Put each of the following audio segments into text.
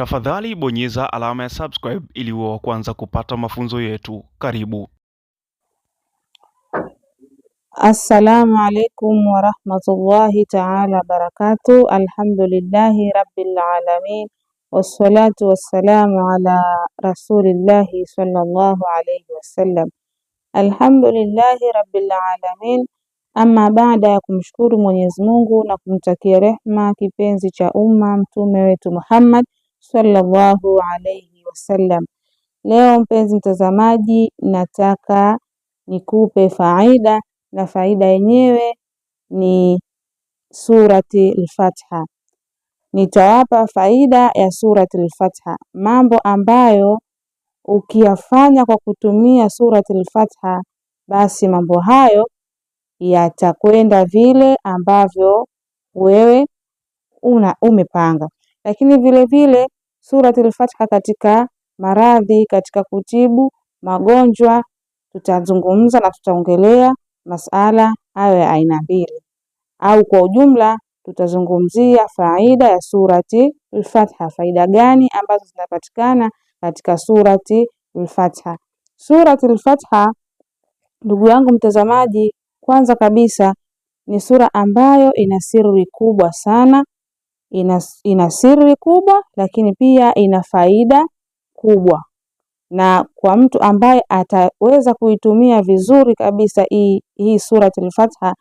Tafadhali bonyeza alama ya subscribe ili wa kwanza kupata mafunzo yetu. Karibu. Assalamu alaikum warahmatullahi taala barakatuh. Alhamdulillahi rabbil alamin wassalatu wassalamu ala rasulillahi sallallahu alaihi wasallam. Alhamdulillahi rabbil alamin. Ama baada ya kumshukuru Mwenyezi Mungu na kumtakia rehma kipenzi cha umma mtume wetu Muhammad sallallahu alaihi wasallam. Leo mpenzi mtazamaji, nataka nikupe faida na faida yenyewe ni surati al-Fatiha. Nitawapa faida ya surati al-Fatiha, mambo ambayo ukiyafanya kwa kutumia surati al-Fatiha, basi mambo hayo yatakwenda vile ambavyo wewe una umepanga. Lakini vilevile Suratul Fatiha katika maradhi, katika kutibu magonjwa, tutazungumza na tutaongelea masala hayo ya aina mbili, au kwa ujumla tutazungumzia faida ya Surati Al-Fatiha, faida gani ambazo zinapatikana katika Surati Al-Fatiha. Surati Al-Fatiha, ndugu yangu mtazamaji, kwanza kabisa ni sura ambayo ina siri kubwa sana ina, ina siri kubwa, lakini pia ina faida kubwa, na kwa mtu ambaye ataweza kuitumia vizuri kabisa hii, hii Suratul Fatiha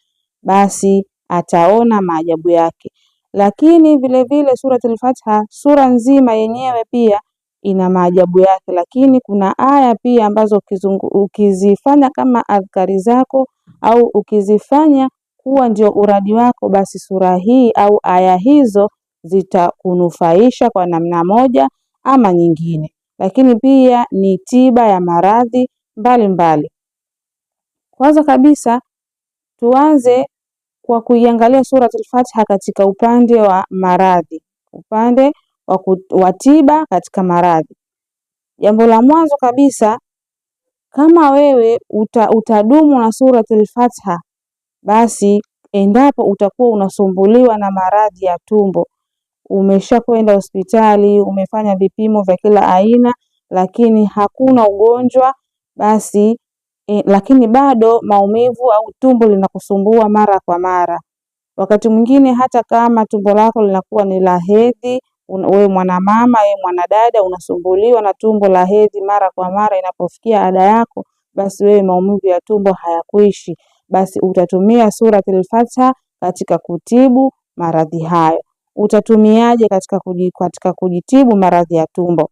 basi ataona maajabu yake. Lakini vilevile Suratul Fatiha, sura nzima yenyewe pia ina maajabu yake, lakini kuna aya pia ambazo ukizifanya kama adhkari zako au ukizifanya kuwa ndio uradi wako, basi sura hii au aya hizo zitakunufaisha kwa namna moja ama nyingine, lakini pia ni tiba ya maradhi mbalimbali. Kwanza kabisa tuanze kwa kuiangalia Suratul Fatiha katika upande wa maradhi, upande wa tiba katika maradhi. Jambo la mwanzo kabisa, kama wewe uta, utadumu na Suratul Fatiha, basi endapo utakuwa unasumbuliwa na maradhi ya tumbo umeshakwenda hospitali, umefanya vipimo vya kila aina, lakini hakuna ugonjwa basi e, lakini bado maumivu au tumbo linakusumbua mara kwa mara. Wakati mwingine hata kama tumbo lako linakuwa ni la hedhi, wewe mwanamama, wewe mwanadada, unasumbuliwa na tumbo la hedhi mara kwa mara, inapofikia ada yako, basi wewe maumivu ya tumbo hayakuishi, basi utatumia Suratul Fatiha katika kutibu maradhi hayo utatumiaje katika, kuji, katika kujitibu maradhi ya tumbo?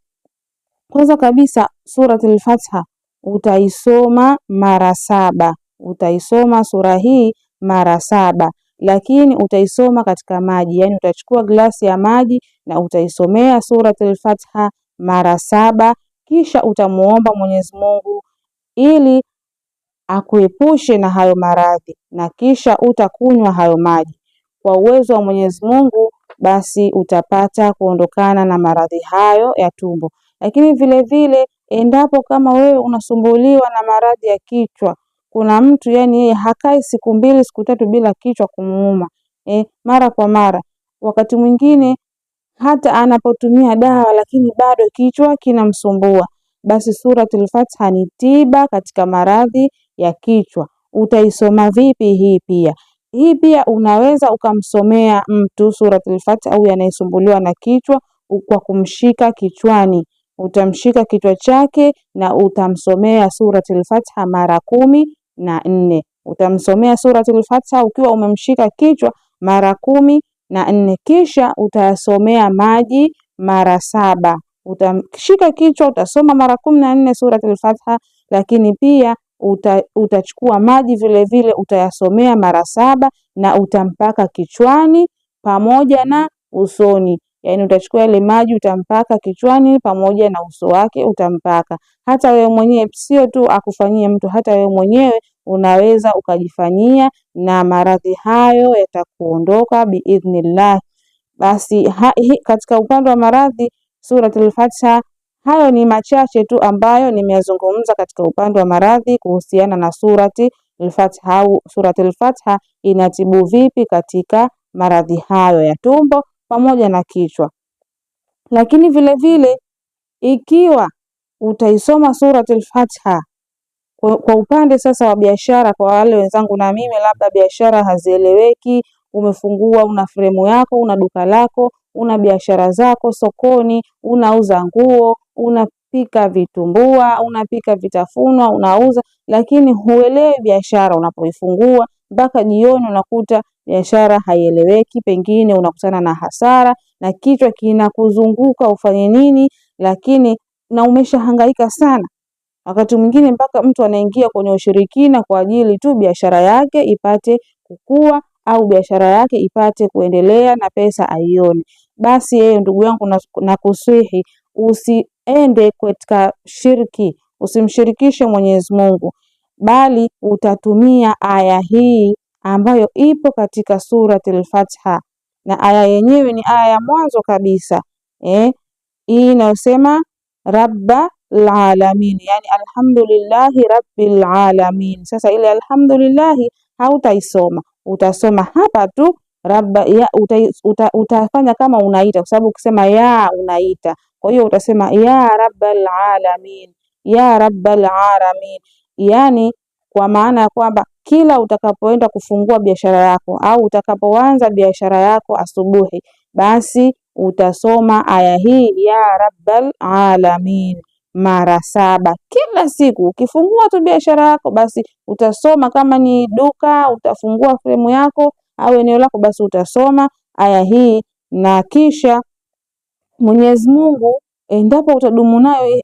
Kwanza kabisa Suratul Fatiha utaisoma mara saba, utaisoma sura hii mara saba, lakini utaisoma katika maji, yaani utachukua glasi ya maji na utaisomea Suratul Fatiha mara saba, kisha utamuomba Mwenyezi Mungu ili akuepushe na hayo maradhi, na kisha utakunywa hayo maji. Kwa uwezo wa Mwenyezi Mungu basi utapata kuondokana na maradhi hayo ya tumbo. Lakini vilevile endapo kama wewe unasumbuliwa na maradhi ya kichwa, kuna mtu yani yeye hakai siku mbili siku tatu bila kichwa kumuuma e, mara kwa mara. Wakati mwingine hata anapotumia dawa lakini bado kichwa kinamsumbua, basi Suratul Fatiha ni tiba katika maradhi ya kichwa. Utaisoma vipi hii pia? Hii pia unaweza ukamsomea mtu Suratul Fatiha au anayesumbuliwa na kichwa kwa kumshika kichwani. Utamshika kichwa chake na utamsomea Suratul Fatiha mara kumi na nne. Utamsomea Suratul Fatiha ukiwa umemshika kichwa mara kumi na nne, kisha utayasomea maji mara saba. Utamshika kichwa utasoma mara kumi na nne Suratul Fatiha, lakini pia uta, utachukua maji vile vile utayasomea mara saba na utampaka kichwani pamoja na usoni. Yaani utachukua yale maji utampaka kichwani pamoja na uso wake utampaka. Hata wewe mwenyewe sio tu akufanyie mtu, hata wewe mwenyewe unaweza ukajifanyia na maradhi hayo yatakuondoka biidhnillah. Basi ha, hi, katika upande wa maradhi Suratul Fatiha Hayo ni machache tu ambayo nimeyazungumza katika upande wa maradhi kuhusiana na surati al-Fatiha au surati al-Fatiha inatibu vipi katika maradhi hayo ya tumbo pamoja na kichwa. Lakini vile vile ikiwa utaisoma surati al-Fatiha kwa, kwa upande sasa wa biashara, kwa wale wenzangu na mimi, labda biashara hazieleweki, umefungua una fremu yako, una duka lako, una biashara zako sokoni, unauza nguo unapika vitumbua, unapika vitafunwa, unauza, lakini huelewi biashara unapoifungua. Mpaka jioni unakuta biashara haieleweki, pengine unakutana na hasara na kichwa kinakuzunguka ufanye nini, lakini na umeshahangaika sana. Wakati mwingine mpaka mtu anaingia kwenye ushirikina kwa ajili tu biashara yake ipate kukua au biashara yake ipate kuendelea na pesa aione. Basi yeye, ndugu yangu, nakusihi usiende katika shirki, usimshirikishe Mwenyezi Mungu, bali utatumia aya hii ambayo ipo katika Suratul Fatiha, na aya yenyewe ni aya ya mwanzo kabisa eh, hii inayosema rabba lalamin, yani alhamdulillahi rabbil alamin. Sasa ile alhamdulillahi hautaisoma, utasoma hapa tu rabba ya, uta, uta, utafanya kama unaita, kwa sababu ukisema ya unaita kwa hiyo utasema ya rabbal alamin, ya rabbal alamin, yaani kwa maana ya kwamba kila utakapoenda kufungua biashara yako au utakapoanza biashara yako asubuhi, basi utasoma aya hii ya rabbal alamin mara saba kila siku. Ukifungua tu biashara yako, basi utasoma. Kama ni duka, utafungua fremu yako au eneo lako, basi utasoma aya hii na kisha Mwenyezi Mungu endapo utadumu nayo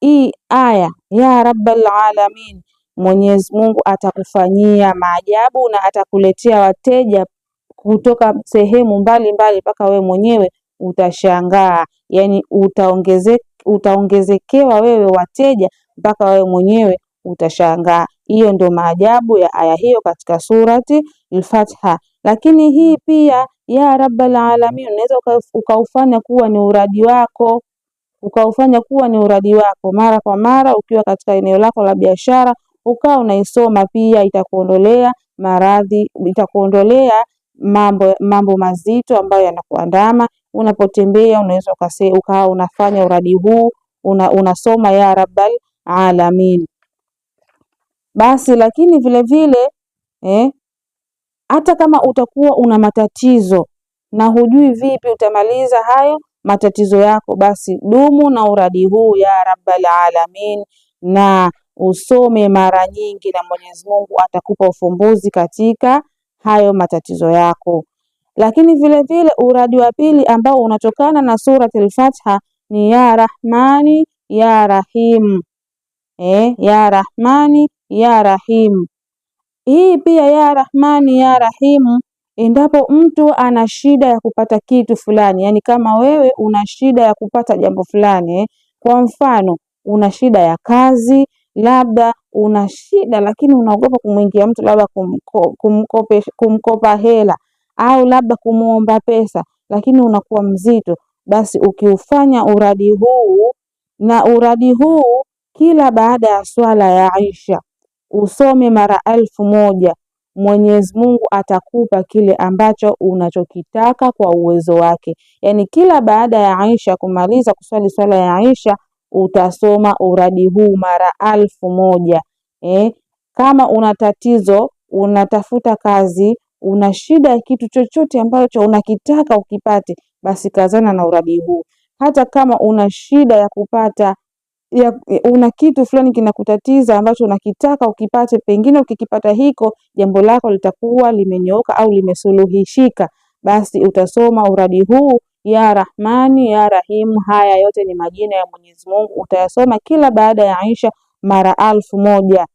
hii aya ya rabbal alamin, Mwenyezi Mungu atakufanyia maajabu na atakuletea wateja kutoka sehemu mbalimbali mpaka mbali, we mwenyewe utashangaa, yani utaongeze, utaongezekewa wewe wateja mpaka wewe mwenyewe utashangaa. Hiyo ndio maajabu ya aya hiyo katika surati Al-Fatiha. Lakini hii pia ya rabbal alamin, unaweza ukaufanya kuwa ni uradi wako ukaufanya kuwa ni uradi wako mara kwa mara, ukiwa katika eneo lako la biashara, ukawa unaisoma pia, itakuondolea maradhi, itakuondolea mambo mambo mazito ambayo yanakuandama unapotembea. Unaweza ukawa unafanya uradi huu una, unasoma ya rabbal alamin basi, lakini vilevile eh, hata kama utakuwa una matatizo na hujui vipi utamaliza hayo matatizo yako, basi dumu na uradi huu ya rabbal alamin, na usome mara nyingi, na Mwenyezi Mungu atakupa ufumbuzi katika hayo matatizo yako. Lakini vile vile uradi wa pili ambao unatokana na suratul Fatiha ni ya Rahmani ya Rahim, eh, ya Rahmani ya Rahim. Hii pia ya Rahmani ya Rahimu endapo mtu ana shida ya kupata kitu fulani, yani kama wewe una shida ya kupata jambo fulani, kwa mfano una shida ya kazi, labda una shida lakini unaogopa kumwingia mtu labda kumko, kumkope, kumkopa hela au labda kumwomba pesa, lakini unakuwa mzito, basi ukiufanya uradi huu na uradi huu kila baada ya swala ya aisha usome mara elfu moja Mwenyezi Mungu atakupa kile ambacho unachokitaka kwa uwezo wake. Yaani kila baada ya aisha kumaliza kuswali swala ya aisha utasoma uradi huu mara alfu moja eh. Kama una tatizo, unatafuta kazi, una shida ya kitu chochote ambacho unakitaka ukipate, basi kazana na uradi huu. Hata kama una shida ya kupata ya, una kitu fulani kinakutatiza ambacho unakitaka ukipate, pengine ukikipata hiko jambo lako litakuwa limenyooka au limesuluhishika, basi utasoma uradi huu ya Rahmani ya Rahimu. Haya yote ni majina ya Mwenyezi Mungu, utayasoma kila baada ya Aisha mara alfu moja.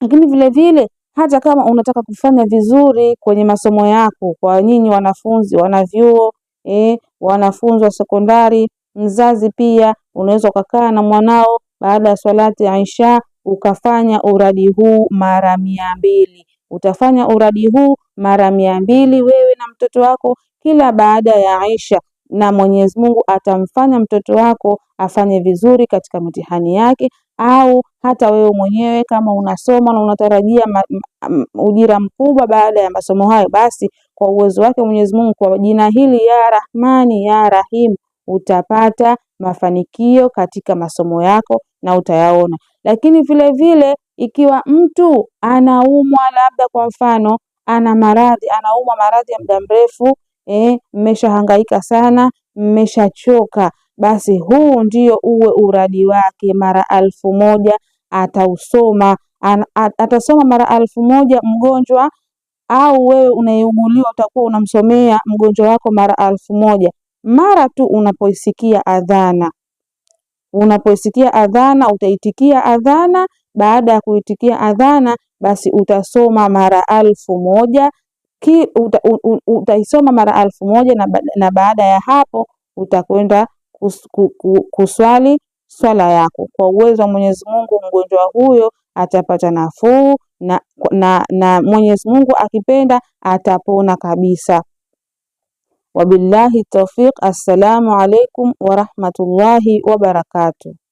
Lakini vilevile hata kama unataka kufanya vizuri kwenye masomo yako, kwa nyinyi wanafunzi wanavyuo, eh, wanafunzi wa sekondari Mzazi pia unaweza ukakaa na mwanao baada ya swalati ya Isha ukafanya uradi huu mara mia mbili. Utafanya uradi huu mara mia mbili wewe na mtoto wako kila baada ya Isha, na Mwenyezi Mungu atamfanya mtoto wako afanye vizuri katika mitihani yake, au hata wewe mwenyewe kama unasoma na unatarajia ujira mkubwa baada ya masomo hayo, basi kwa uwezo wake Mwenyezi Mungu kwa jina hili ya Rahmani ya Rahim utapata mafanikio katika masomo yako na utayaona. Lakini vile vile ikiwa mtu anaumwa, labda kwa mfano ana maradhi, anaumwa maradhi ya muda mrefu eh, mmeshahangaika sana, mmeshachoka, basi huu ndio uwe uradi wake mara alfu moja atausoma An, atasoma mara alfu moja mgonjwa au wewe unayeuguliwa utakuwa unamsomea mgonjwa wako mara alfu moja. Mara tu unapoisikia adhana, unapoisikia adhana utaitikia adhana. Baada ya kuitikia adhana, basi utasoma mara alfu moja ki, uta, u, utaisoma mara alfu moja na, na baada ya hapo utakwenda kus, kuswali swala yako. Kwa uwezo wa Mwenyezi Mungu mgonjwa huyo atapata nafuu na, na, na Mwenyezi Mungu akipenda atapona kabisa. Wabillahi taufiq, assalamu alaikum warahmatullahi wabarakatuh.